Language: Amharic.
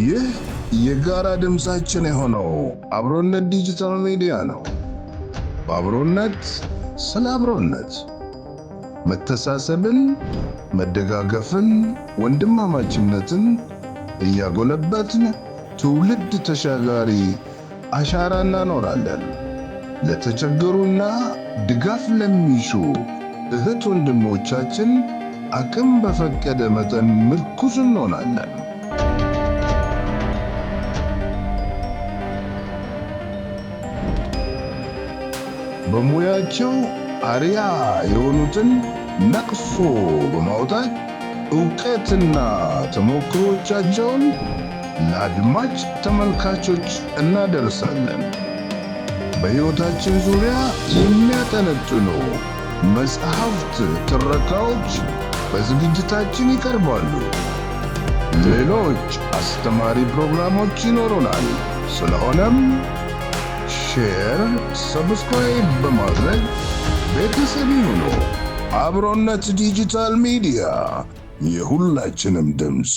ይህ የጋራ ድምፃችን የሆነው አብሮነት ዲጂታል ሚዲያ ነው። በአብሮነት ስለ አብሮነት፣ መተሳሰብን፣ መደጋገፍን፣ ወንድማማችነትን እያጎለበትን ትውልድ ተሻጋሪ አሻራ እናኖራለን። ለተቸገሩና ድጋፍ ለሚሹ እህት ወንድሞቻችን አቅም በፈቀደ መጠን ምርኩስ እንሆናለን። በሙያቸው አርያ የሆኑትን ነቅሶ በማውጣት እውቀትና ተሞክሮቻቸውን ለአድማጭ ተመልካቾች እናደርሳለን። በሕይወታችን ዙሪያ የሚያጠነጥኑ መጽሐፍት፣ ትረካዎች በዝግጅታችን ይቀርባሉ። ሌሎች አስተማሪ ፕሮግራሞች ይኖሩናል። ስለሆነም ሼር፣ ሰብስክራይብ በማድረግ ቤተሰብ ይሁኑ። አብሮነት ዲጂታል ሚዲያ የሁላችንም ድምፅ